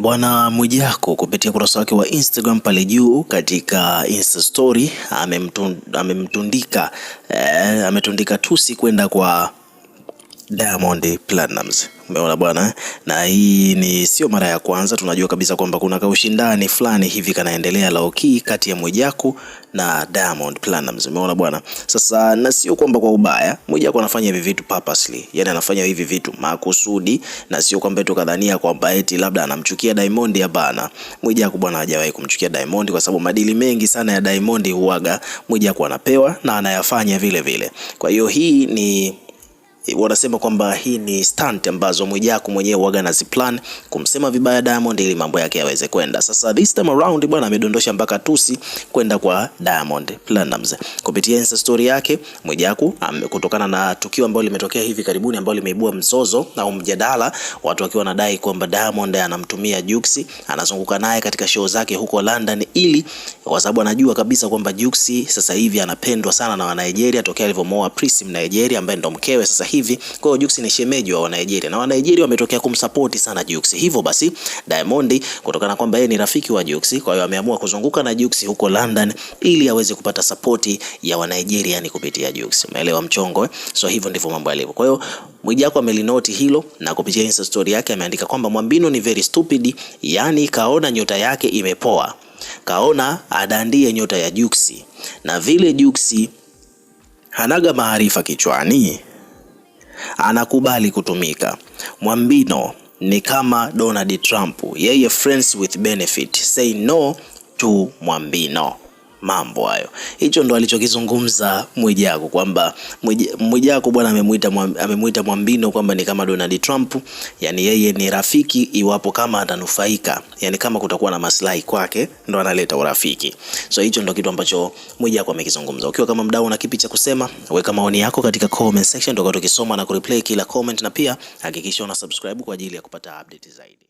Bwana Mwijaku kupitia ukurasa wake wa Instagram pale juu katika Insta story amemtundika, eh, ametundika tusi kwenda kwa Diamond Platnumz. Umeona bwana, na hii ni sio mara ya kwanza. Tunajua kabisa kwamba kuna kaushindani fulani hivi kanaendelea laoki kati ya Mwijaku na Diamond Platnumz. Umeona bwana, sasa na sio kwamba kwa ubaya, Mwijaku anafanya hivi vitu purposely, yani anafanya hivi vitu makusudi, na sio kwamba tu kadhania kwamba eti labda anamchukia Diamond. Hapana, Mwijaku bwana hajawahi kumchukia Diamond kwa sababu madili mengi sana ya Diamond huaga Mwijaku anapewa na anayafanya vile vile. Kwa hiyo hii ni Eh, wanasema kwamba hii ni stunt ambazo Mwijaku mwenyewe waga na ziplan kumsema vibaya Diamond ili mambo yake yaweze kwenda. Sasa this time around bwana amedondosha mpaka tusi kwenda kwa Diamond Platinumz kupitia Insta story yake Mwijaku, kutokana na tukio ambalo limetokea hivi karibuni ambalo limeibua mzozo au mjadala, watu wakiwa wanadai kwamba Diamond anamtumia Jux, anazunguka naye katika show zake huko London, ili kwa sababu anajua kabisa kwamba Jux sasa hivi anapendwa sana na Wanigeria tokea alivyomoa Prism Nigeria ambaye ndo mkewe sasa hivi. Kwa hiyo Jux ni shemeji wa Nigeria na wa Nigeria wametokea kumsupport sana Jux. Hivyo basi Diamond kutokana kwamba yeye ni rafiki wa Jux, kwa hiyo ameamua kuzunguka na Jux huko London ili aweze kupata support ya wa Nigeria yani kupitia Jux. Umeelewa mchongo eh? So hivyo ndivyo mambo yalivyo. Kwa hiyo Mwijaku amelinoti hilo na kupitia Insta story yake ameandika kwamba Mwambino ni very stupid, yani kaona nyota yake imepoa, kaona adandie nyota ya Juksi na vile Juksi hanaga maarifa kichwani anakubali kutumika. Mwambino ni kama Donald Trump, yeye friends with benefit. Say no to Mwambino mambo hayo. Hicho ndo alichokizungumza Mwijaku kwamba Mwijaku bwana amemuita amemuita Mwambino kwamba ni kama Donald Trump, yani yeye ni rafiki iwapo kama atanufaika, yani kama kutakuwa na maslahi kwake ndo analeta urafiki. So hicho ndo kitu ambacho Mwijaku amekizungumza. Ukiwa kama mdau na kipi cha kusema, weka maoni yako katika comment section, tukao tukisoma na kureplay kila comment, na pia hakikisha una subscribe kwa ajili ya kupata update zaidi.